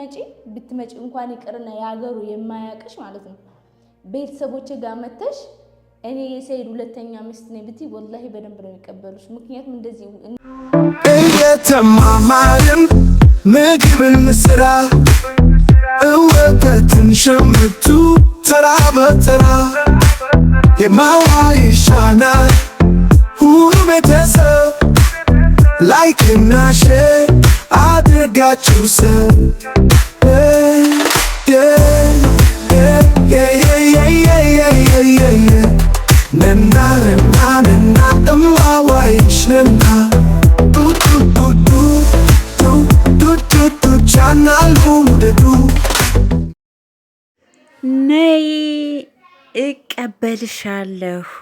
መጪ ብትመጪ እንኳን ይቅርና የሀገሩ የማያውቅሽ ማለት ነው ቤተሰቦች ጋር መተሽ እኔ የሰይድ ሁለተኛ ሚስት ነኝ ብትይ ወላሂ በደንብ ነው የሚቀበሉሽ። ምክንያቱም እንደዚህ እየተማማርን ምግብን ስራ እወተትን ሸምቱ ተራ በተራ የማዋ ይሻናል ሁሉ ቤተሰብ ላይክና ሼር አድርጋችሁ ነይ እቀበልሻለሁ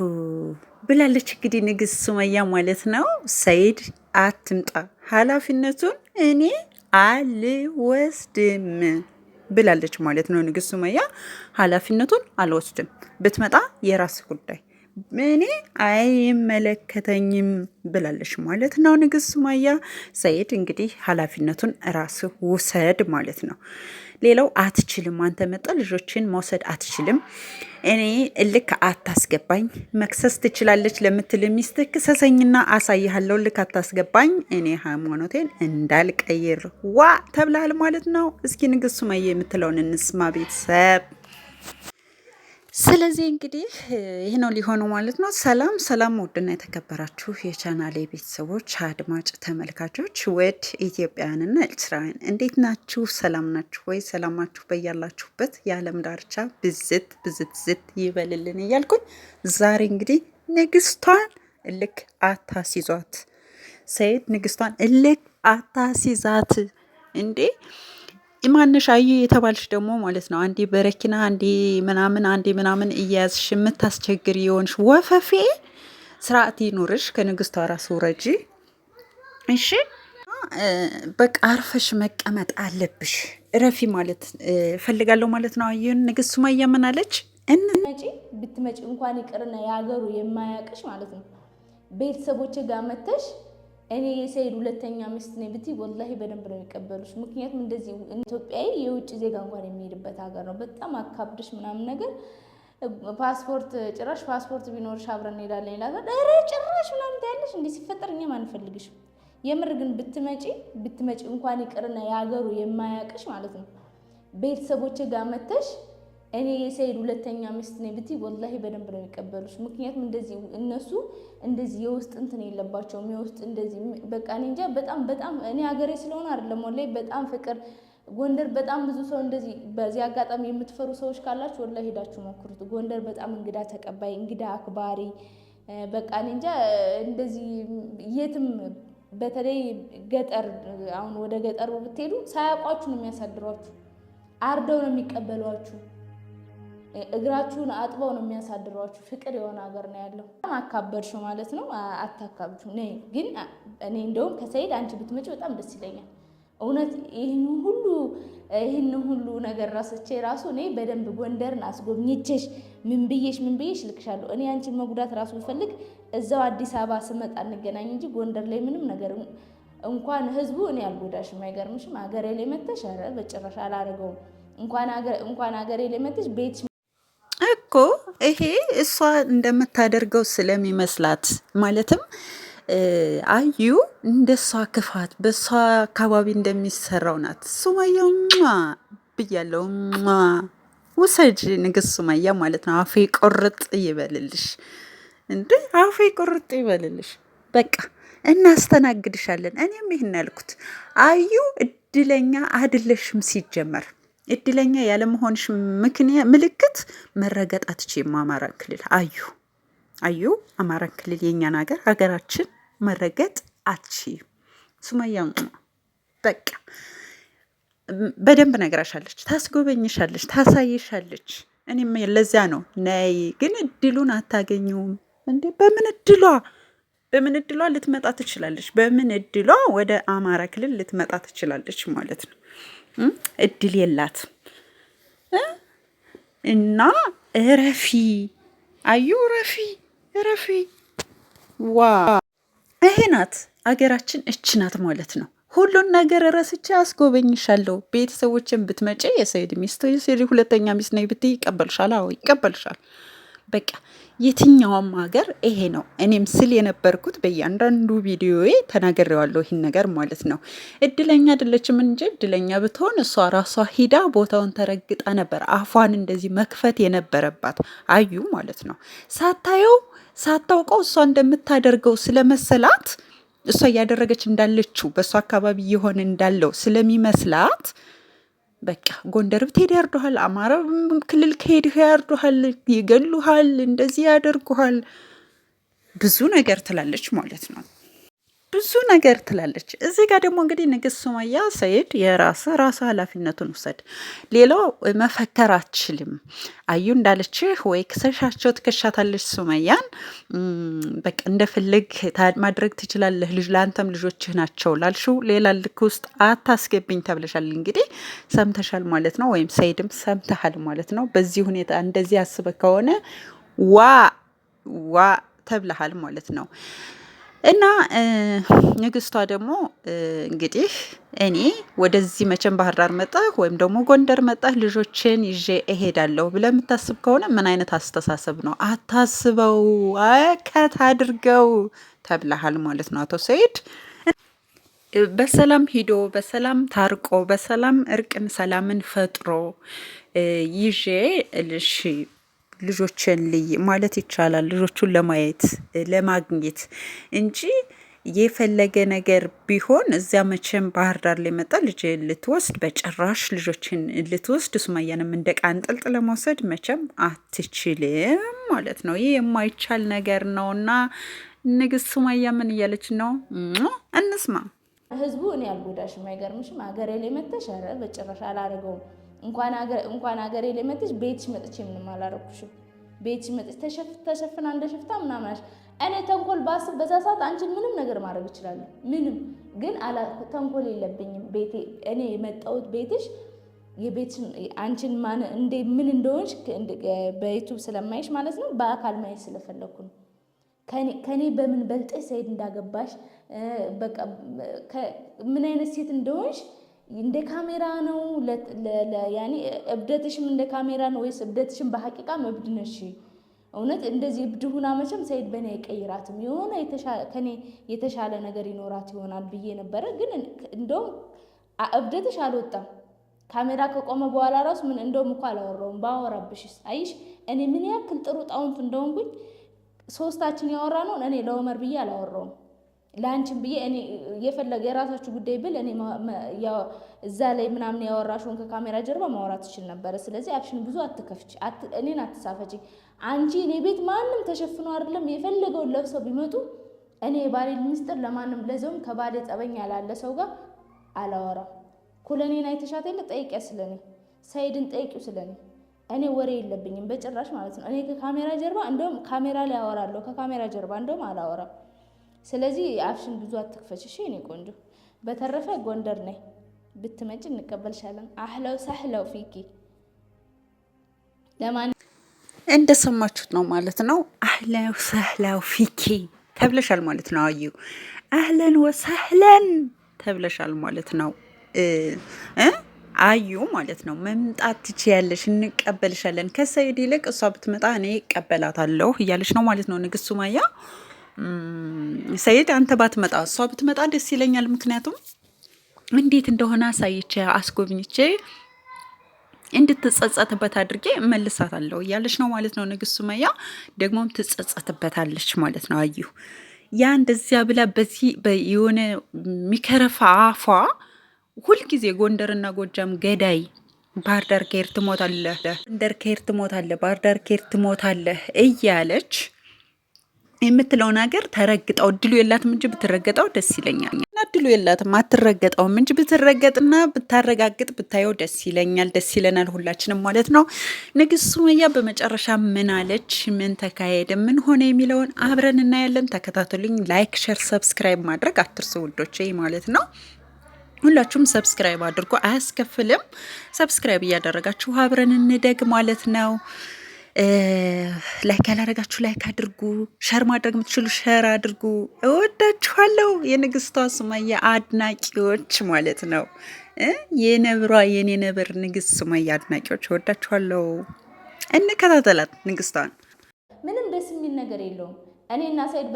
ብላለች። እንግዲህ ንግስት ሱመያ ማለት ነው። ሰይድ አትምጣ ኃላፊነቱን እኔ አልወስድም ብላለች ማለት ነው። ንግስት ሱመያ ኃላፊነቱን አልወስድም፣ ብትመጣ የራስ ጉዳይ፣ እኔ አይመለከተኝም ብላለች ማለት ነው። ንግስት ሱመያ ሰይድ እንግዲህ ኃላፊነቱን ራስ ውሰድ ማለት ነው። ሌላው አትችልም፣ አንተ መጣ ልጆችን መውሰድ አትችልም፣ እኔ እልክ አታስገባኝ። መክሰስ ትችላለች ለምትል ሚስት ክሰሰኝና አሳይሃለሁ፣ እልክ አታስገባኝ፣ እኔ ሃይማኖቴን እንዳልቀይር ዋ ተብላል ማለት ነው። እስኪ ንግስት ሱመያ የምትለውን እንስማ ቤተሰብ ስለዚህ እንግዲህ ይህ ነው ሊሆነው ማለት ነው። ሰላም ሰላም፣ ውድና የተከበራችሁ የቻናሌ ቤተሰቦች አድማጭ ተመልካቾች፣ ወድ ኢትዮጵያውያንና ኤርትራውያን እንዴት ናችሁ? ሰላም ናችሁ ወይ? ሰላማችሁ በያላችሁበት የዓለም ዳርቻ ብዝት ብዝት ዝት ይበልልን እያልኩኝ ዛሬ እንግዲህ ንግስቷን እልክ አታሲዟት፣ ሰይድ ንግስቷን እልክ አታሲዛት እንዴ ማንሽ አዩ የተባልሽ ደግሞ ማለት ነው አንዴ በረኪና አንዴ ምናምን አንዴ ምናምን እያያዝሽ የምታስቸግር የሆንሽ ወፈፌ ስርዓት ይኑርሽ። ከንግስቷ ራስ ውረጂ እሺ። በቃ አርፈሽ መቀመጥ አለብሽ። እረፊ ማለት ፈልጋለሁ ማለት ነው። አዩን ንግስት ሱማያ ምን አለች? እንመጪ ብትመጪ እንኳን ይቅርና የሀገሩ የማያውቅሽ ማለት ነው ቤተሰቦች ጋር መተሽ እኔ የሰይድ ሁለተኛ ሚስት ነኝ ብትይ ወላሂ በደንብ ነው የሚቀበሉሽ። ምክንያቱም እንደዚህ ኢትዮጵያዊ የውጭ ዜጋ እንኳን የሚሄድበት ሀገር ነው። በጣም አካብድሽ ምናምን ነገር ፓስፖርት ጭራሽ ፓስፖርት ቢኖርሽ አብረን እንሄዳለን ይላታል። ኧረ ጭራሽ ምናምን ታያለሽ። እንዲህ ሲፈጠር እኛም አንፈልግሽም። የምር ግን ብትመጪ ብትመጪ እንኳን ይቅርና የሀገሩ የማያውቅሽ ማለት ነው ቤተሰቦች ጋር መተሽ እኔ የሰይድ ሁለተኛ ሚስት ነኝ ብትይ ወላሂ በደንብ ነው የሚቀበሉሽ። ምክንያቱም እንደዚህ እነሱ እንደዚህ የውስጥ እንትን የለባቸውም። የውስጥ እንደዚህ በቃ እኔ እንጃ በጣም በጣም እኔ ሀገሬ ስለሆነ አይደለም ወላሂ በጣም ፍቅር ጎንደር በጣም ብዙ ሰው እንደዚህ በዚህ አጋጣሚ የምትፈሩ ሰዎች ካላችሁ ወላ ሄዳችሁ ሞክሩት። ጎንደር በጣም እንግዳ ተቀባይ፣ እንግዳ አክባሪ በቃ እኔ እንጃ እንደዚህ የትም በተለይ ገጠር አሁን ወደ ገጠሩ ብትሄዱ ሳያውቋችሁ ነው የሚያሳድሯችሁ፣ አርደው ነው የሚቀበሏችሁ። እግራችሁን አጥበው ነው የሚያሳድሯችሁ። ፍቅር የሆነ ሀገር ነው ያለው። አካበድሽው ማለት ነው። አታካብዱ። ግን እኔ እንደውም ከሰይድ አንቺ ብትመጪ በጣም ደስ ይለኛል። እውነት ይህን ሁሉ ይህን ሁሉ ነገር ራስቼ ራሱ እኔ በደንብ ጎንደርን አስጎብኝቼሽ ምን ብዬሽ ምን ብዬሽ ልክሻለሁ። እኔ አንቺን መጉዳት ራሱ ብፈልግ እዛው አዲስ አበባ ስመጣ እንገናኝ እንጂ ጎንደር ላይ ምንም ነገር እንኳን ህዝቡ እኔ አልጎዳሽም። አይገርምሽም? ሀገሬ ላይ መተሽ ኧረ በጭራሽ አላደርገውም። እንኳን ሀገሬ ላይ መተሽ ቤት እኮ ይሄ እሷ እንደምታደርገው ስለሚመስላት ማለትም አዩ እንደ እሷ ክፋት በእሷ አካባቢ እንደሚሰራው ናት። ማ ብያለው ማ ውሰጅ ንግስት ሱመያ ማለት ነው። አፌ ቁርጥ ይበልልሽ እንዴ! አፌ ቁርጥ ይበልልሽ። በቃ እናስተናግድሻለን። እኔም ይህን ያልኩት አዩ እድለኛ አይደለሽም ሲጀመር እድለኛ ያለመሆንሽ ምክንያት ምልክት መረገጥ አትች አማራ ክልል አዩ አዩ አማራ ክልል የእኛን ሀገር ሀገራችን መረገጥ አትችይም። ሱመያ በቃ በደንብ ነግራሻለች፣ ታስጎበኝሻለች፣ ታሳይሻለች። እኔም ለዚያ ነው ነይ፣ ግን እድሉን አታገኘውም እንዴ! በምን እድሏ በምን እድሏ ልትመጣ ትችላለች? በምን እድሏ ወደ አማራ ክልል ልትመጣ ትችላለች ማለት ነው። እድል የላት እና እረፊ፣ አዩ እረፊ፣ እረፊ። ዋ ይሄ ናት አገራችን፣ እች ናት ማለት ነው። ሁሉን ነገር ረስቼ አስጎበኝሻለሁ። ቤተሰቦችን ብትመጪ የሰኢድ ሚስት ሁለተኛ ሚስት ነኝ ብትይ ይቀበልሻል። አዎ ይቀበልሻል። በቃ የትኛውም ሀገር ይሄ ነው። እኔም ስል የነበርኩት በእያንዳንዱ ቪዲዮዬ ተናግሬዋለሁ ይህን ነገር ማለት ነው። እድለኛ አይደለችም እንጂ እድለኛ ብትሆን እሷ ራሷ ሂዳ ቦታውን ተረግጣ ነበር አፏን እንደዚህ መክፈት የነበረባት አዩ ማለት ነው። ሳታየው ሳታውቀው እሷ እንደምታደርገው ስለመሰላት እሷ እያደረገች እንዳለችው በእሷ አካባቢ የሆነ እንዳለው ስለሚመስላት በቃ ጎንደር ብትሄድ ያርዱሃል፣ አማራ ክልል ከሄድህ ያርዱሃል፣ ይገሉሃል፣ እንደዚህ ያደርጉሃል፣ ብዙ ነገር ትላለች ማለት ነው። ብዙ ነገር ትላለች። እዚህ ጋር ደግሞ እንግዲህ ንግስት ሱመያ ሰይድ የራስ ራስ ኃላፊነቱን ውሰድ፣ ሌላው መፈከር አችልም። አዩ እንዳለችህ ወይ ክሰሻቸው ትከሻታለች ሱመያን። በቃ እንደፍልግ ማድረግ ትችላለህ፣ ልጅ ለአንተም ልጆችህ ናቸው ላልሹ ሌላ ልክ ውስጥ አታስገብኝ ተብለሻል። እንግዲህ ሰምተሻል ማለት ነው፣ ወይም ሰይድም ሰምተሃል ማለት ነው። በዚህ ሁኔታ እንደዚህ አስበህ ከሆነ ዋ ዋ ተብለሃል ማለት ነው። እና ንግስቷ ደግሞ እንግዲህ እኔ ወደዚህ መቼም ባህር ዳር መጣህ ወይም ደግሞ ጎንደር መጣህ ልጆችን ይዤ እሄዳለሁ ብለህ የምታስብ ከሆነ ምን አይነት አስተሳሰብ ነው? አታስበው፣ ከት አድርገው ተብለሃል ማለት ነው አቶ ሰይድ በሰላም ሂዶ በሰላም ታርቆ በሰላም እርቅን ሰላምን ፈጥሮ ይዤ ልሽ ልጆችን ልይ ማለት ይቻላል ልጆቹን ለማየት ለማግኘት እንጂ የፈለገ ነገር ቢሆን እዚያ መቼም ባህር ዳር ሊመጣ ልጅ ልትወስድ በጭራሽ ልጆችን ልትወስድ ሱመያንም እንደ ቃንጥልጥ ለመውሰድ መቼም አትችልም ማለት ነው። ይህ የማይቻል ነገር እና ንግስት ሱመያ ምን እያለች ነው? እንስማ። ህዝቡ እኔ አልጎዳሽም አይገርምሽም? ሀገሬ ላይ መተሽ ኧረ በጭራሽ አላደርገውም እንኳን ሀገሬ ላይ ቤት ቤትሽ መጥቼ ምንም አላረኩሽም። ቤትሽ ተሸፍና እንደ ሽፍታ ምናምናሽ እኔ ተንኮል ባስብ በዛ ሰዓት አንቺን ምንም ነገር ማድረግ እችላለሁ። ምንም ግን ተንኮል የለብኝም። እኔ የመጣሁት ቤትሽ አንቺን ምን እንደሆንሽ በዩቱብ ስለማይሽ ማለት ነው፣ በአካል ማየት ስለፈለግኩ ነው። ከኔ በምን በልጠሽ ሰኢድ እንዳገባሽ ምን አይነት ሴት እንደሆንሽ እንደ ካሜራ ነው ያኔ እብደትሽም እንደ ካሜራ ነው ወይስ እብደትሽም በሐቂቃም እብድ ነሽ? እውነት እንደዚህ እብድ ሁና መቼም ሰይድ በእኔ አይቀይራትም። የሆነ ከኔ የተሻለ ነገር ይኖራት ይሆናል ብዬ ነበረ። ግን እንደውም እብደትሽ አልወጣም። ካሜራ ከቆመ በኋላ ራሱ ምን እንደውም እኮ አላወራውም። ባወራብሽ አይሽ እኔ ምን ያክል ጥሩ ጣውንት እንደሆንኩኝ ሶስታችን ያወራ ነው። እኔ ለኦመር ብዬ አላወራውም። ለአንቺን ብዬ እኔ የፈለገ የራሳችሁ ጉዳይ ብል እኔ እዛ ላይ ምናምን ያወራሽውን ከካሜራ ጀርባ ማውራት ትችል ነበረ። ስለዚህ አፍሽን ብዙ አትከፍች፣ እኔን አትሳፈች። አንቺ እኔ ቤት ማንም ተሸፍኖ አይደለም የፈለገውን ለብሰው ቢመጡ እኔ የባሌን ምስጢር ለማንም ለዚውም ከባሌ ጸበኛ ላለ ሰው ጋር አላወራም። ኩለኔን አይተሻት የለ ጠይቂያ፣ ስለኔ ሰይድን ጠይቂው ስለኔ። እኔ ወሬ የለብኝም በጭራሽ ማለት ነው። እኔ ከካሜራ ጀርባ እንደውም ካሜራ ላይ አወራለሁ፣ ከካሜራ ጀርባ እንደውም አላወራም። ስለዚህ አፍሽን ብዙ አትክፈች። አትክፈችሽ የኔ ቆንጆ። በተረፈ ጎንደር ነይ ብትመጭ እንቀበልሻለን። አህለው ሳህለው ፊኪ። ለማን እንደሰማችሁት ነው ማለት ነው። አህለው ሳህለው ፊኪ ተብለሻል ማለት ነው። አዩ አህለን ወሳህለን ተብለሻል ማለት ነው። አዩ ማለት ነው። መምጣት ትችያለሽ፣ እንቀበልሻለን። ከሰይድ ይልቅ እሷ ብትመጣ እኔ እቀበላታለሁ እያለች ነው ማለት ነው ንግስት ሱማያ ሰይድ አንተ ባትመጣ እሷ ብትመጣ ደስ ይለኛል። ምክንያቱም እንዴት እንደሆነ አሳይቼ አስጎብኝቼ እንድትጸጸትበት አድርጌ መልሳታለሁ እያለች ነው ማለት ነው። ንግስት ሱመያ ደግሞም ትጸጸትበታለች ማለት ነው። አዩ ያ እንደዚያ ብላ በዚህ የሆነ ሚከረፋ አፏ ሁልጊዜ ጎንደርና ጎጃም ገዳይ ባህርዳር ዳር ከሄድ ትሞታለህ፣ ጎንደር ከሄድ ትሞታለህ፣ ባህር ከሄድ ትሞታለህ እያለች የምትለውን ነገር ተረግጠው እድሉ የላትም እንጂ ብትረገጠው ደስ ይለኛል። እና እድሉ የላትም አትረገጠውም እንጂ ብትረገጥና ብታረጋግጥ ብታየው ደስ ይለኛል፣ ደስ ይለናል ሁላችንም ማለት ነው። ንግስት ሱመያ በመጨረሻ ምን አለች? ምን ተካሄደ? ምን ሆነ? የሚለውን አብረን እናያለን። ተከታተሉኝ። ላይክ፣ ሸር፣ ሰብስክራይብ ማድረግ አትርሱ ውዶቼ ማለት ነው። ሁላችሁም ሰብስክራይብ አድርጎ አያስከፍልም። ሰብስክራይብ እያደረጋችሁ አብረን እንደግ ማለት ነው። ላይክ ያላረጋችሁ ላይክ አድርጉ። ሸር ማድረግ የምትችሉ ሸር አድርጉ። እወዳችኋለሁ። የንግስቷ ሱመያ አድናቂዎች ማለት ነው። የነብሯ የኔ ነብር ንግስት ሱመያ አድናቂዎች እወዳችኋለሁ። እንከታተላት ንግስቷን። ምንም ደስ የሚል ነገር የለውም። እና ሳይድ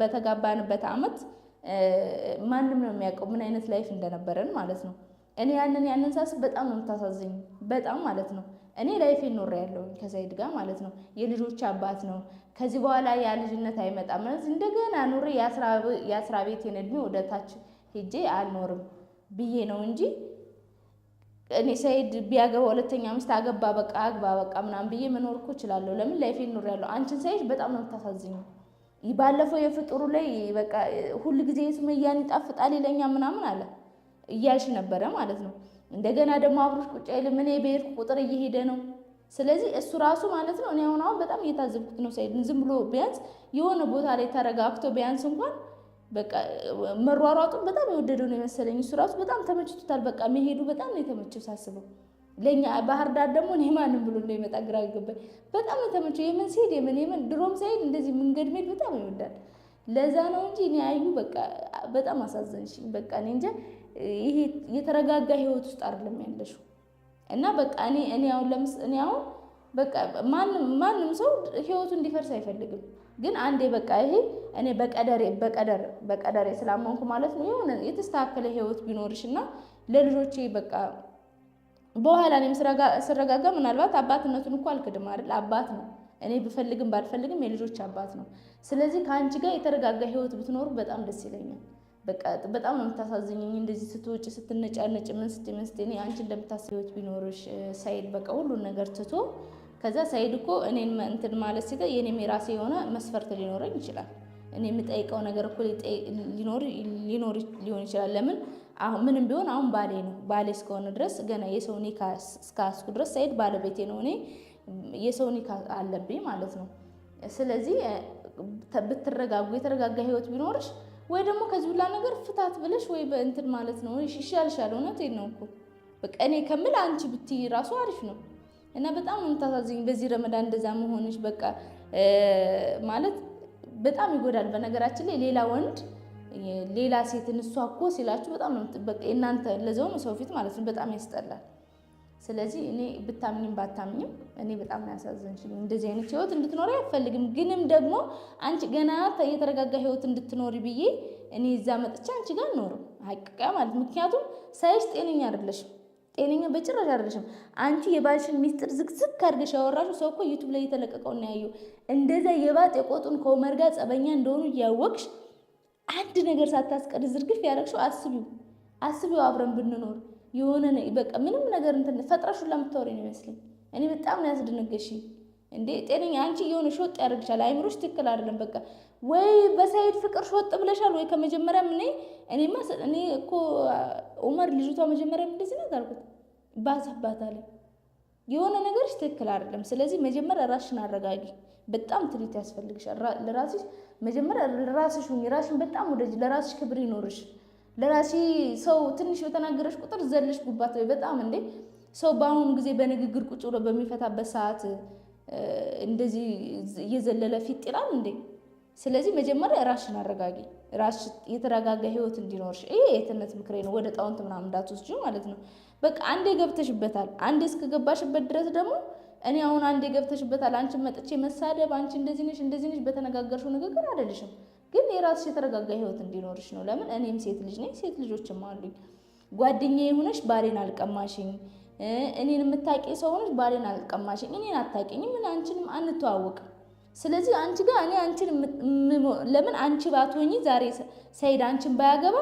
በተጋባንበት አመት ማንም ነው የሚያውቀው ምን አይነት ላይፍ እንደነበረን ማለት ነው። እኔ ያንን ያንን ሳስብ በጣም ነው የምታሳዝኝ፣ በጣም ማለት ነው እኔ ላይፍ ይኖር ያለው ከሰይድ ጋር ማለት ነው። የልጆች አባት ነው። ከዚህ በኋላ ያ ልጅነት አይመጣም። እንደገና ኑሬ የአስራ ቤቴን እድሜ ወደ ታች ሄጄ አልኖርም ብዬ ነው እንጂ እኔ ሰይድ ቢያገባ ሁለተኛ ሚስት አገባ በቃ አግባ በቃ ምናምን ብዬ መኖር እኮ እችላለሁ። ለምን ላይፍ ይኖር ያለው። አንቺን ሰይድ በጣም ነው የምታሳዝኘው። ባለፈው የፍጡሩ ላይ በቃ ሁል ጊዜ ሱመያን ይጣፍጣል ይለኛ ምናምን አለ እያልሽ ነበረ ማለት ነው። እንደገና ደግሞ አብሮሽ ቁጭ አይልም። እኔ በሄድኩ ቁጥር እየሄደ ነው። ስለዚህ እሱ ራሱ ማለት ነው እኔ አሁን አሁን በጣም እየታዘብኩት ነው። ሳይድን ዝም ብሎ ቢያንስ የሆነ ቦታ ላይ ተረጋግቶ ቢያንስ እንኳን በቃ መሯሯጡን በጣም የወደደው ነው የመሰለኝ። እሱ ራሱ በጣም ተመችቶታል። በቃ መሄዱ በጣም ነው የተመቸው ሳስበው ለእኛ ባህር ዳር ደግሞ እኔ ማንም ብሎ እንደሚመጣ ግራ ይገባኝ። በጣም ነው የተመቸው። የምን ሲሄድ የምን የምን ድሮም ሳይድ እንደዚህ መንገድ መሄድ በጣም ይወዳል። ለዛ ነው እንጂ እኔ አዩ በቃ በጣም አሳዘንሽኝ። በቃ እኔ እንጃ ይሄ የተረጋጋ ህይወት ውስጥ አይደለም ያለሽ እና በቃ እኔ እኔ አሁን ለምስ እኔ አሁን በቃ ማንም ማንም ሰው ህይወቱ እንዲፈርስ አይፈልግም። ግን አንዴ በቃ ይሄ እኔ በቀደሬ በቀደር በቀደሬ ስላመንኩ ማለት ነው የሆነ የተስተካከለ ህይወት ቢኖርሽ እና ለልጆቼ በቃ በኋላ እኔም ስረጋጋ ምናልባት አባትነቱን እኮ አልክድም አይደል አባት ነው እኔ ብፈልግም ባልፈልግም የልጆች አባት ነው። ስለዚህ ከአንቺ ጋር የተረጋጋ ህይወት ብትኖሩ በጣም ደስ ይለኛል። በቃ በጣም ነው የምታሳዝኝኝ። እንደዚህ ስትውጭ ስትነጫነጭ ምን ስትይ ምን ስትይ እኔ አንቺ እንደምታስቢዎች ቢኖርሽ ሳይድ በቃ ሁሉን ነገር ትቶ ከዛ ሳይድ እኮ እኔን እንትን ማለት ሲገ የኔም የራሴ የሆነ መስፈርት ሊኖረኝ ይችላል። እኔ የምጠይቀው ነገር እኮ ሊኖር ሊሆን ይችላል። ለምን አሁን ምንም ቢሆን አሁን ባሌ ነው። ባሌ እስከሆነ ድረስ ገና የሰው ኒካ እስካስኩ ድረስ ሳይድ ባለቤቴ ነው። እኔ የሰው ኒካ አለብኝ ማለት ነው። ስለዚህ ብትረጋጉ የተረጋጋ ህይወት ቢኖርሽ ወይ ደግሞ ከዚህ ሁላ ነገር ፍታት ብለሽ ወይ በእንትን ማለት ነው ይሻልሻል። እውነቴን ነው እኮ በቃ እኔ ከምል አንቺ ብትይ ራሱ አሪፍ ነው። እና በጣም የምታሳዝኝ በዚህ ረመዳን እንደዛ መሆንሽ በቃ ማለት በጣም ይጎዳል። በነገራችን ላይ ሌላ ወንድ ሌላ ሴትን እሷ እኮ ሲላችሁ በጣም ነው በቃ እናንተ ለዘውም ሰው ፊት ማለት ነው በጣም ያስጠላል። ስለዚህ እኔ ብታምኝም ባታምኝም እኔ በጣም ያሳዘንሽኝ እንደዚህ አይነት ህይወት እንድትኖሪ አልፈልግም። ግንም ደግሞ አንቺ ገና የተረጋጋ ህይወት እንድትኖሪ ብዬ እኔ እዛ መጥቼ አንቺ ጋር ኖርም ሀቂቃ ማለት ምክንያቱም ሳይሽ ጤነኛ አይደለሽም። ጤነኛ በጭራሽ አይደለሽም። አንቺ የባልሽን ሚስጥር ዝግዝግ አድርገሽ ያወራሹ ሰው እኮ ዩቱብ ላይ የተለቀቀው እና ያየው እንደዛ የባጥ የቆጡን ከኡመር ጋር ጸበኛ እንደሆኑ እያወቅሽ አንድ ነገር ሳታስቀድ ዝርግፍ ያደረግሽው አስቢው፣ አስቢው አብረን ብንኖር የሆነ በቃ ምንም ነገር እንትን ፈጥረሽ ሁላ ነው ይመስለኝ። እኔ በጣም ነው ያስደነገሽኝ። እንዴ ጤነኛ አንቺ የሆነ ሾጥ ያደርግሻል። አይምሮሽ ትክክል አይደለም። በቃ ወይ በሳይድ ፍቅር ሾጥ ብለሻል ወይ ከመጀመሪያም እኔ እኔማ እኔ እኮ ኡመር ልጅቷ መጀመሪያም እንደዚህ ነው አልኩት። ባዛባታለ የሆነ ነገርሽ ትክክል አይደለም። ስለዚህ መጀመሪያ ራስሽን አረጋጊ። በጣም ትሪት ያስፈልግሻል። ለራስሽ መጀመሪያ ለራስሽ ሁኚ። ራስሽን በጣም ወደጅ። ለራስሽ ክብር ይኖርሽ። ለራሴ ሰው ትንሽ በተናገረች ቁጥር ዘለሽ ጉባት በጣም እንዴ ሰው በአሁኑ ጊዜ በንግግር ቁጭ ብሎ በሚፈታበት ሰዓት እንደዚህ እየዘለለ ፊት ይላል እንዴ? ስለዚህ መጀመሪያ ራስሽን አረጋጊ። ራስሽ የተረጋጋ ህይወት እንዲኖርሽ ይሄ የትነት ምክሬ ነው። ወደ ጣውንት ምናምን እንዳትወስጂ ማለት ነው። በቃ አንዴ ገብተሽበታል። አንዴ እስከገባሽበት ድረስ ደግሞ እኔ አሁን አንዴ ገብተሽበታል። አንቺን መጥቼ መሳደብ አንቺ እንደዚህ ነሽ እንደዚህ ነሽ በተነጋገርሽው ንግግር አይደለሽም። ግን የራስሽ የተረጋጋ ህይወት እንዲኖርሽ ነው። ለምን እኔም ሴት ልጅ ነኝ፣ ሴት ልጆችም አሉኝ። ጓደኛዬ ሆነሽ ባሌን አልቀማሽኝ፣ እኔን የምታቂ ሰው ሆነሽ ባሌን አልቀማሽኝ፣ እኔን አታቂኝም፣ ምን አንቺንም አንተዋወቅም። ስለዚህ አንቺ ጋር እኔ አንቺን ለምን አንቺ ባትሆኚ ዛሬ ሰይድ አንቺን ባያገባ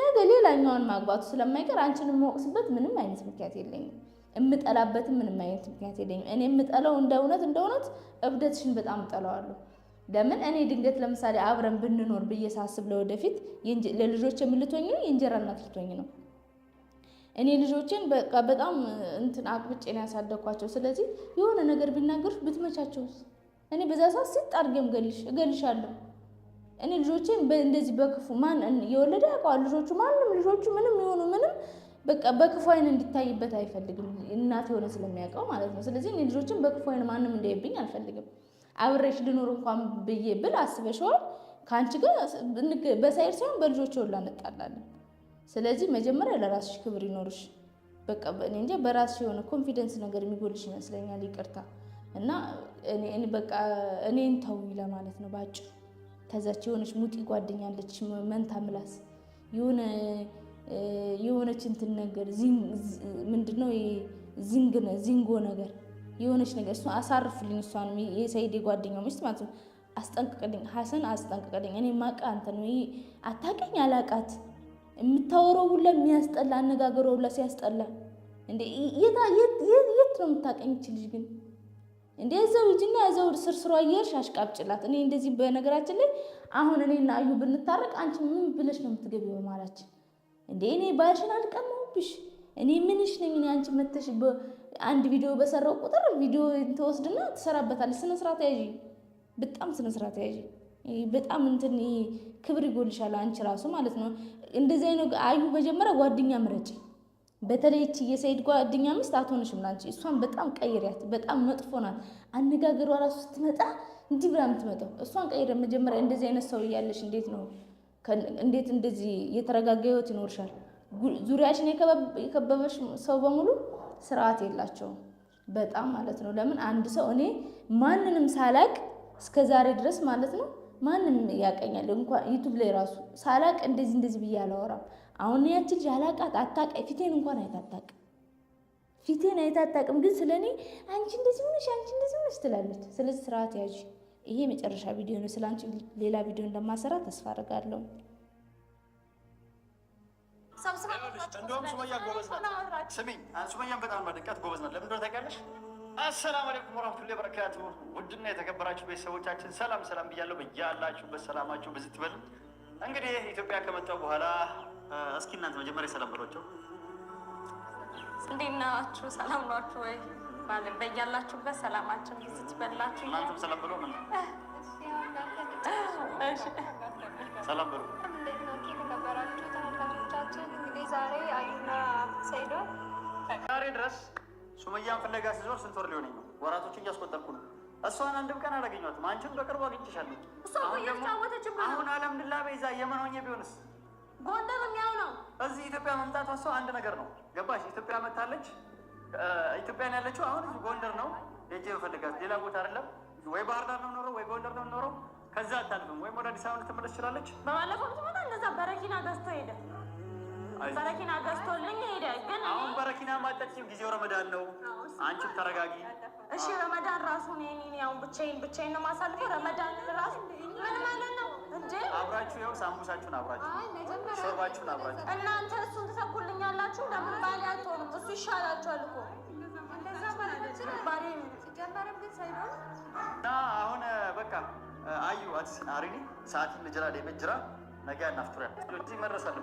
ነገ ሌላኛዋን ማግባቱ ስለማይቀር አንቺን የምወቅስበት ምንም አይነት ምክንያት የለኝም። የምጠላበትም ምንም አይነት ምክንያት የለኝም። እኔ የምጠለው እንደ እውነት እንደ እውነት እብደትሽን በጣም እጠለዋለሁ። ለምን እኔ ድንገት ለምሳሌ አብረን ብንኖር ብዬ ሳስብ ለወደፊት ለልጆች የምልቶኝ ነው የእንጀራ እናት ልቶኝ ነው። እኔ ልጆችን በቃ በጣም እንትን አቅብጬ ነው ያሳደግኳቸው። ስለዚህ የሆነ ነገር ቢናገሩሽ ብትመቻቸውስ? እኔ በዛ ሰዓት ሲጥ አድርጌም ገልሽ እገልሻለሁ። እኔ ልጆችን እንደዚህ በክፉ ማን የወለደ ያውቀዋል። ልጆቹ ማንም ልጆቹ ምንም የሆኑ ምንም በቃ በክፉ አይን እንዲታይበት አይፈልግም፣ እናት የሆነ ስለሚያውቀው ማለት ነው። ስለዚህ እኔ ልጆችን በክፉ አይን ማንም እንዳይብኝ አልፈልግም። አብሬሽ ልኖር እንኳን ብዬ ብል አስበሽዋል። ከአንቺ ጋር በሳይር ሳይሆን በልጆች ሁላ እንጣላለን። ስለዚህ መጀመሪያ ለራስሽ ክብር ይኖርሽ። በቃ እኔ እንጃ በራስሽ የሆነ ኮንፊደንስ ነገር የሚጎልሽ ይመስለኛል። ይቅርታ እና በቃ እኔን ተውኝ ለማለት ነው በአጭሩ። ከዛች የሆነች ሙጢ ጓደኛ አለች፣ መንታ ምላስ የሆነ የሆነች እንትን ነገር ምንድነው ዚንጎ ነገር የሆነች ነገር እሱ አሳርፍልኝ፣ እሷ የሰይድ ጓደኛው ሚስት ማለት ነው። አስጠንቅቅልኝ፣ ሀሰን አስጠንቅቅልኝ። እኔ ማቃ አንተ ነው ይ አታውቅኝ፣ አላቃት የምታወረው ሁላ የሚያስጠላ አነጋገረ ሁላ ሲያስጠላ፣ እንዴ የት ነው የምታውቀኝ ይች ልጅ ግን? እንዴ እዛው ሂጂና እዛው ስር ስሯ እየሄድሽ አሽቃብጭላት። እኔ እንደዚህ በነገራችን ላይ አሁን እኔና አዩ ብንታረቅ አንቺ ምን ብለሽ ነው የምትገቢው በማላችን? እንዴ እኔ ባልሽን አልቀማሁብሽ። እኔ ምንሽ ነኝ? እኔ አንቺ መተሽ አንድ ቪዲዮ በሰራው ቁጥር ቪዲዮ ተወስድና ትሰራበታለች። ስርዓት ያዥ፣ በጣም ስርዓት ያዥ። በጣም እንትን ክብር ይጎልሻል አንቺ ራሱ ማለት ነው። እንደዚህ አይነት አዩ መጀመሪያ ጓደኛ ምረጭ። በተለይ እቺ የሰይድ ጓደኛ ሚስት አትሆንሽም ላንቺ። እሷን በጣም ቀይሪያት። በጣም መጥፎ ናት። አነጋገሯ ራሱ ስትመጣ እንዲህ ብላ የምትመጣው እሷን ቀይረ። መጀመሪያ እንደዚህ አይነት ሰው እያለሽ እንዴት ነው እንዴት እንደዚህ የተረጋጋ ህይወት ይኖርሻል? ዙሪያሽን የከበበሽ ሰው በሙሉ ስርዓት የላቸውም በጣም ማለት ነው። ለምን አንድ ሰው እኔ ማንንም ሳላቅ እስከ ዛሬ ድረስ ማለት ነው ማንም ያቀኛል እንኳን ዩቱብ ላይ ራሱ ሳላቅ እንደዚህ እንደዚህ ብዬ አላወራም። አሁን ያቺ ልጅ አላቃት አታቀ ፊቴን እንኳን አይታታቅ ፊቴን አይታታቅም፣ ግን ስለ እኔ አንቺ እንደዚህ ሆነሽ አንቺ እንደዚህ ሆነሽ ትላለች። ስለዚህ ስርዓት ያዥ። ይሄ መጨረሻ ቪዲዮ ነው። ስለ አንቺ ሌላ ቪዲዮ እንደማሰራ ተስፋ አድርጋለሁ። እንደውም ሱመያ ጎበዝ ናት። ስሚኝ፣ ሱመያን በጣም ማደንቃት ጎበዝ ናት። ታውቂያለሽ? አሰላም አለይኩም ወራህመቱላሂ ወበረካቱ። ውድና የተከበራችሁ ቤተሰቦቻችን ሰላም ሰላም ብያለሁ። በያላችሁበት ሰላማችሁ ብዙ ትበል። እንግዲህ ኢትዮጵያ ከመጣሁ በኋላ እስኪ እናንተ መጀመሪያ ሰላም በሏቸው። እንዴት ናችሁ? ሰላም ናችሁ ወይ? ማለት በያላችሁበት ብዙ ትበላችሁ። እናንተም ሰላም በሉ። ምን ሰላም በሉ ዛሬ አዩና ሰይዶ ዛሬ ድረስ ሱመያን ፍለጋ ሲዞር ስንት ወር ሊሆነኝ ነው? ወራቶችን እያስቆጠርኩ ነው። እሷን አንድም ቀን አላገኘኋትም። አንቺን በቅርቡ አግኝቼሻለሁ። አሁን አልሐምዱሊላህ በይዛ የመን ሆኜ ቢሆንስ ጎንደር የሚያው ነው። እዚህ ኢትዮጵያ መምጣቷ እሷ አንድ ነገር ነው። ገባሽ? ኢትዮጵያ መታለች። ኢትዮጵያን ያለችው አሁን ጎንደር ነው። ሄጄ በፈልጋት ሌላ ቦታ አይደለም። ወይ ባህር ዳር ነው ኖረው ወይ ጎንደር ነው ኖረው። ከዛ አታልፍም። ወይም ወደ አዲስ አበባ ልትመለስ ትችላለች። በባለፈው ትመጣ እንደዛ በረኪና ገዝቶ ሄደ። በረኪና ገዝቶልኝ ሄደ። ግን አሁን በረኪና ማጠጭም ጊዜው ረመዳን ነው። አንቺም ተረጋጊ እሺ። ረመዳን ራሱ እኔ አሁን ብቻዬን ብቻዬን ነው ማሳልፈው። ረመዳን ራሱ ምን ማለት ነው እንዴ? አብራችሁ ይኸው ሳምቡሳችሁን አብራችሁ ሾርባችሁን አብራችሁ እናንተ እሱን ትሰኩልኛላችሁ። ለምን ባሌ አትሆኑም? እሱ ይሻላችኋል እኮ እና አሁን በቃ አዩ አሪኒ ሰዓት ልጅራ ደመጅራ ነገ ያናፍቱሪያ ቲ መረሳለሁ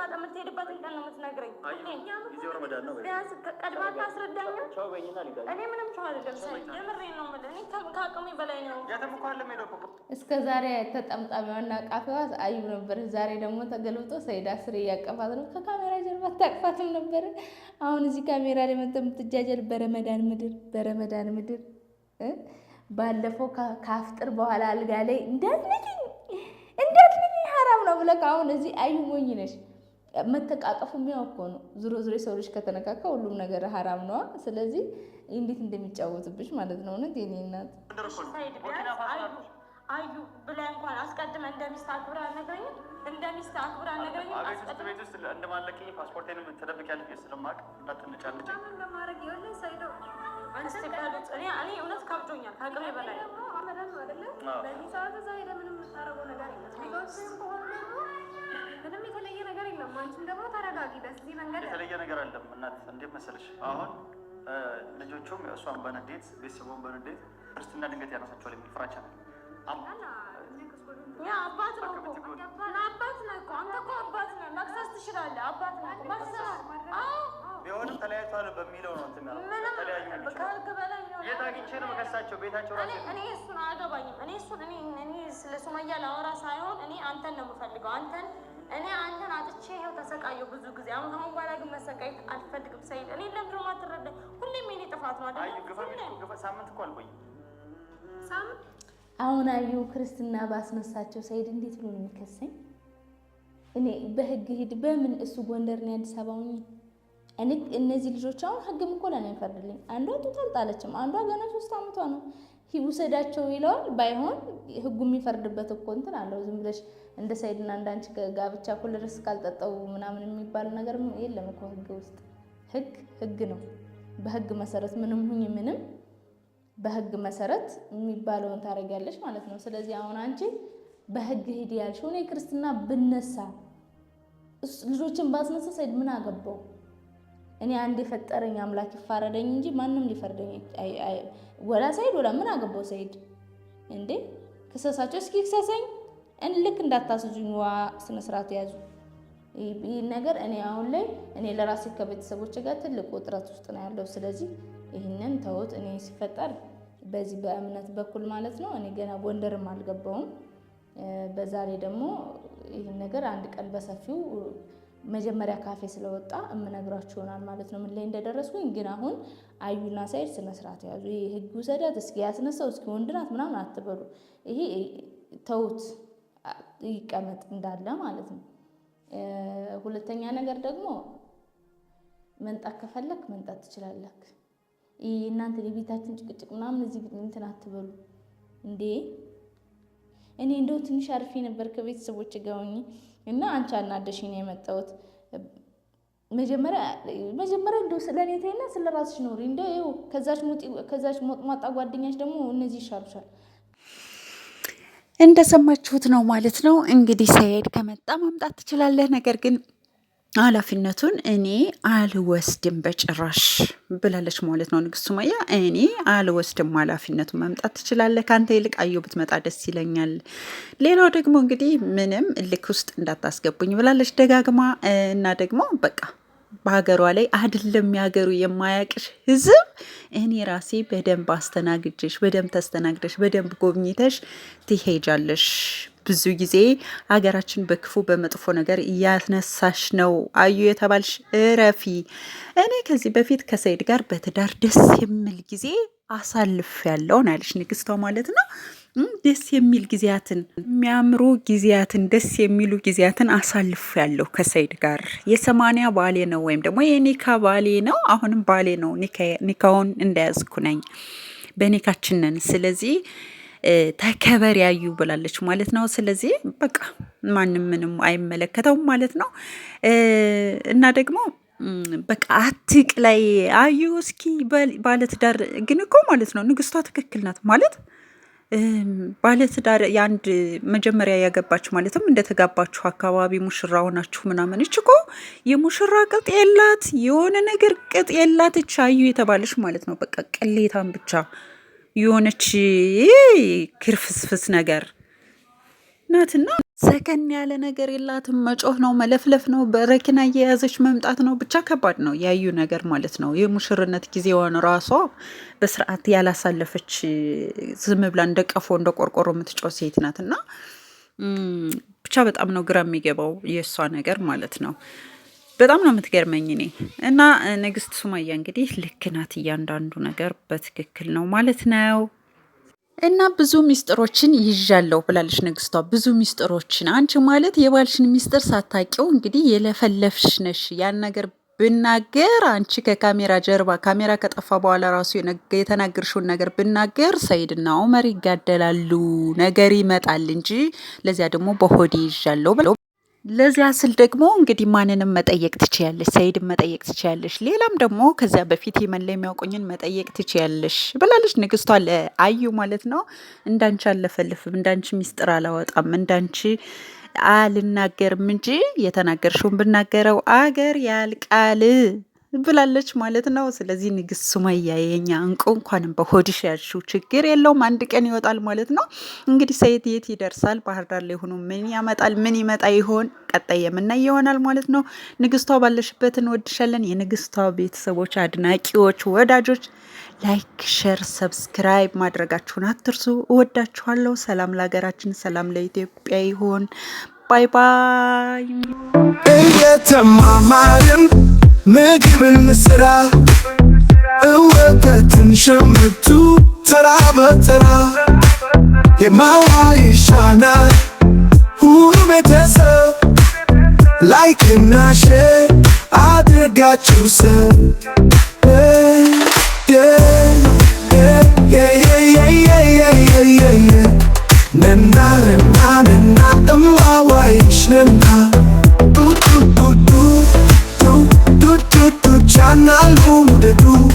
ስትመጣ የምትሄድበትን ቀን ነው የምትነግረኝ። ጊዜው ረመዳን ነው። ቢያንስ ቀድማ ታስረዳኝ። እኔ ምንም ቸው አይደለም። የምሬ ነው የምልህ ከአቅሜ በላይ ነው። እስከ ዛሬ ተጠምጣሚዋና አቃፊዋ አዩ ነበረች። ዛሬ ደግሞ ተገልብጦ ሰይዳ ስር እያቀፋት ነው። ከካሜራ ጀርባ ታቅፋትም ነበረ። አሁን እዚህ ካሜራ ላይ መጥቶ የምትጃጀል በረመዳን ምድር በረመዳን ምድር ባለፈው ከአፍጥር በኋላ አልጋ ላይ እንዳትነኪኝ እንዳትነኪኝ ሀራም ነው ብለህ አሁን እዚህ አዩ ሞኝ ነሽ። መተቃቀፉ የሚያው እኮ ነው። ዙሮ ዙሮ የሰው ልጅ ከተነካካ ሁሉም ነገር ሀራም ነዋ። ስለዚህ እንዴት እንደሚጫወትብሽ ማለት ነው። እውነት የኔ እናት አዩ ብለ እንኳን አስቀድመ እንደሚስት አክብራ ነገኝ እንደሚስት አክብራ ነገኝ። ቤት ውስጥ እንደማለቅኝ ፓስፖርቴንም ያለ ስለማቅ እንዳትነጫነጭ ለማድረግ የሆነ ሳይዶ እኔ እውነት ከብዶኛል ከአቅሜ በላይ በዚህ ሰዓት እዛ ሄደህ ምንም የምታደርገው ነገር የለም። የተለየ ነገር የለም። አንቺም ደግሞ ተረጋጊ። በዚህ መንገድ የተለየ ነገር አለም። እናት እንዴት መሰለሽ፣ አሁን ልጆቹም እሷን በንዴት ቤተሰቡን በንዴት ክርስትና ድንገት ያነሳቸዋል የሚል ፍራቻ ነው። አባት ነው አባት ነው እኮ አንተ እኮ አባት ነው። መክሰስ ትችላለህ። አባት ነው መክሰስ ቢሆንም ተለያይቷል በሚለው ነው እንትን ምንም ከህግ በላይ የት አግኝቼ ነው መከሳቸው? ቤታቸው ራሱ እኔ እሱን አያገባኝም። እኔ እሱን እኔ እኔ ስለ ሱመያ ላወራ ሳይሆን እኔ አንተን ነው የምፈልገው አንተን እኔ አንተን አጥቼ ይኸው ተሰቃየሁ ብዙ ጊዜ። አሁን አሁን በኋላ ግን መሰቃየት አልፈልግም ሰይድ። እኔ ለምድሮ ማትረዳ ሁሌም የኔ ጥፋት ነው አይደል? ሳምንት እኮ አልቆይም። አሁን አዩ ክርስትና ባስነሳቸው ሰይድ እንዴት ብሎ ነው የሚከሰኝ? እኔ በህግ ሂድ በምን እሱ ጎንደር ነው የአዲስ አበባ ሁኝ እኔ እነዚህ ልጆች አሁን ህግም እኮ ለእኔ አይፈርድልኝ። አንዷ ጡት አልጣለችም፣ አንዷ ገና ሶስት አመቷ ነው። ውሰዳቸው ይለዋል። ባይሆን ህጉ የሚፈርድበት እኮ እንትን አለው ዝም ብለሽ እንደ ሰይድና እንዳንቺ ጋብቻ እኮ ልርስ ካልጠጣው ምናምን የሚባል ነገር የለም እኮ ህግ ውስጥ። ህግ ህግ ነው። በህግ መሰረት ምንም ሁኝ ምንም በህግ መሰረት የሚባለውን ታደርጊያለሽ ማለት ነው። ስለዚህ አሁን አንቺ በህግ ሂድ ያልሽው ሆነ ክርስትና ብነሳ ልጆችን ባስነሳ ሰይድ ምን አገባው? እኔ አንድ የፈጠረኝ አምላክ ይፋረደኝ እንጂ ማንም ሊፈርደኝ ወላ ሰይድ ወላ ምን አገባው ሰይድ እንዴ ክሰሳቸው እስኪ ክሰሰኝ ልክ እንዳታስዙኝ ዋ ስነስርዓት ያዙ። ይህ ነገር እኔ አሁን ላይ እኔ ለራሴ ከቤተሰቦች ጋር ትልቅ ውጥረት ውስጥ ነው ያለው። ስለዚህ ይህንን ተውት። እኔ ሲፈጠር በዚህ በእምነት በኩል ማለት ነው እኔ ገና ጎንደርም አልገባውም። በዛሬ ደግሞ ይህን ነገር አንድ ቀን በሰፊው መጀመሪያ ካፌ ስለወጣ እምነግራችሁ ይሆናል ማለት ነው ምን ላይ እንደደረስኩኝ። ግን አሁን አዩና ሳይድ ስርዓት ያዙ። ይህ ህግ ውሰዳት እስኪ ያስነሳው እስኪ ወንድናት ምናምን አትበሉ። ይሄ ተውት። ይቀመጥ እንዳለ ማለት ነው። ሁለተኛ ነገር ደግሞ መንጣት ከፈለክ መንጣት ትችላለክ። እናንተ የቤታችን ጭቅጭቅ ምናምን እዚህ እንትን አትበሉ እንዴ። እኔ እንደው ትንሽ አርፌ ነበር ከቤተሰቦች ገውኝ እና አንቺ አናደሽኝ ነው የመጣሁት። መጀመሪያ እንደው ስለ እኔ ተይና ስለ ራስሽ ኖሪ። እንደው ከዛች ሞጥ ሞጥማጣ ጓደኛች ደግሞ እነዚህ ይሻሉሻል። እንደሰማችሁት ነው ማለት ነው። እንግዲህ ሰኢድ ከመጣ ማምጣት ትችላለህ፣ ነገር ግን ኃላፊነቱን እኔ አልወስድም በጭራሽ ብላለች ማለት ነው ንግስት ሱመያ። እኔ አልወስድም ኃላፊነቱን ማምጣት ትችላለህ፣ ከአንተ ይልቅ አዩ ብትመጣ ደስ ይለኛል። ሌላው ደግሞ እንግዲህ ምንም ልክ ውስጥ እንዳታስገቡኝ ብላለች ደጋግማ እና ደግሞ በቃ በሀገሯ ላይ አይደለም ያገሩ የማያቅሽ ህዝብ እኔ ራሴ በደንብ አስተናግጀሽ በደንብ ተስተናግደሽ በደንብ ጎብኝተሽ ትሄጃለሽ። ብዙ ጊዜ ሀገራችን በክፉ በመጥፎ ነገር እያነሳሽ ነው አዩ የተባልሽ እረፊ። እኔ ከዚህ በፊት ከሰይድ ጋር በትዳር ደስ የሚል ጊዜ አሳልፍ ያለውን ያለሽ ንግስቷ ማለት ነው ደስ የሚል ጊዜያትን የሚያምሩ ጊዜያትን ደስ የሚሉ ጊዜያትን አሳልፍ ያለው ከሰይድ ጋር የሰማንያ ባሌ ነው ወይም ደግሞ የኒካ ባሌ ነው። አሁንም ባሌ ነው። ኒካውን እንደያዝኩ ነኝ። በኒካችን ነን። ስለዚህ ተከበር ያዩ ብላለች ማለት ነው። ስለዚህ በቃ ማንም ምንም አይመለከተውም ማለት ነው እና ደግሞ በቃ አትቅ ላይ አዩ እስኪ ባለትዳር ግን እኮ ማለት ነው ንግስቷ ትክክል ናት ማለት ባለትዳር የአንድ መጀመሪያ ያገባችሁ ማለትም እንደተጋባችሁ አካባቢ ሙሽራ ሆናችሁ ምናምን ችኮ የሙሽራ ቅጥ የላት የሆነ ነገር ቅጥ የላት ቻዩ የተባለች ማለት ነው። በቃ ቅሌታን ብቻ የሆነች ክርፍስፍስ ነገር ናትና ሰከን ያለ ነገር የላትም። መጮህ ነው፣ መለፍለፍ ነው፣ በረኪና እየያዘች መምጣት ነው። ብቻ ከባድ ነው ያዩ ነገር ማለት ነው። የሙሽርነት ጊዜዋን ራሷ በስርዓት ያላሳለፈች ዝም ብላ እንደ ቀፎ እንደ ቆርቆሮ የምትጮህ ሴት ናት እና ብቻ በጣም ነው ግራ የሚገባው የእሷ ነገር ማለት ነው። በጣም ነው የምትገርመኝ እኔ እና ንግስት ሱማያ እንግዲህ ልክ ናት። እያንዳንዱ ነገር በትክክል ነው ማለት ነው። እና ብዙ ሚስጥሮችን ይዣለሁ ብላለች ንግስቷ። ብዙ ሚስጥሮችን አንቺ ማለት የባልሽን ሚስጥር ሳታቂው እንግዲህ የለፈለፍሽ ነሽ። ያን ነገር ብናገር አንቺ ከካሜራ ጀርባ ካሜራ ከጠፋ በኋላ ራሱ የተናገርሽውን ነገር ብናገር ሰይድና ኦመር ይጋደላሉ። ነገር ይመጣል እንጂ ለዚያ ደግሞ በሆዴ ይዣለሁ ብለው ለዚያ ስል ደግሞ እንግዲህ ማንንም መጠየቅ ትችያለሽ፣ ሰይድን መጠየቅ ትችያለሽ፣ ሌላም ደግሞ ከዚያ በፊት የመን ላይ የሚያውቁኝን መጠየቅ ትችያለሽ ብላለች ንግስቷ ለአዩ ማለት ነው። እንዳንቺ አለፈልፍም፣ እንዳንቺ ሚስጥር አላወጣም፣ እንዳንቺ አልናገርም እንጂ የተናገርሽውን ብናገረው አገር ያልቃል ብላለች ማለት ነው። ስለዚህ ንግስት ሱመያ የኛ እንቁ እንኳንም በሆድሽ ያልሽው ችግር የለውም አንድ ቀን ይወጣል ማለት ነው። እንግዲህ ሰኢድ የት ይደርሳል? ባህር ዳር ላይ ሆኖ ምን ያመጣል? ምን ይመጣ ይሆን? ቀጣይ የምናይ ይሆናል ማለት ነው። ንግስቷ ባለሽበት እንወድሻለን። የንግስቷ ቤተሰቦች፣ አድናቂዎች፣ ወዳጆች ላይክ፣ ሸር፣ ሰብስክራይብ ማድረጋችሁን አትርሱ። እወዳችኋለሁ። ሰላም ለሀገራችን፣ ሰላም ለኢትዮጵያ ይሆን። ባይ ባይ። እየተማማርን ምግብን ስራ እወተትን ሸምቱ ተራ በተራ የማዋ ይሻናል ሁሉ ቤተሰብ ላይክ እና ሼር አድርጋችሁ ሰብ Canal Home de Du.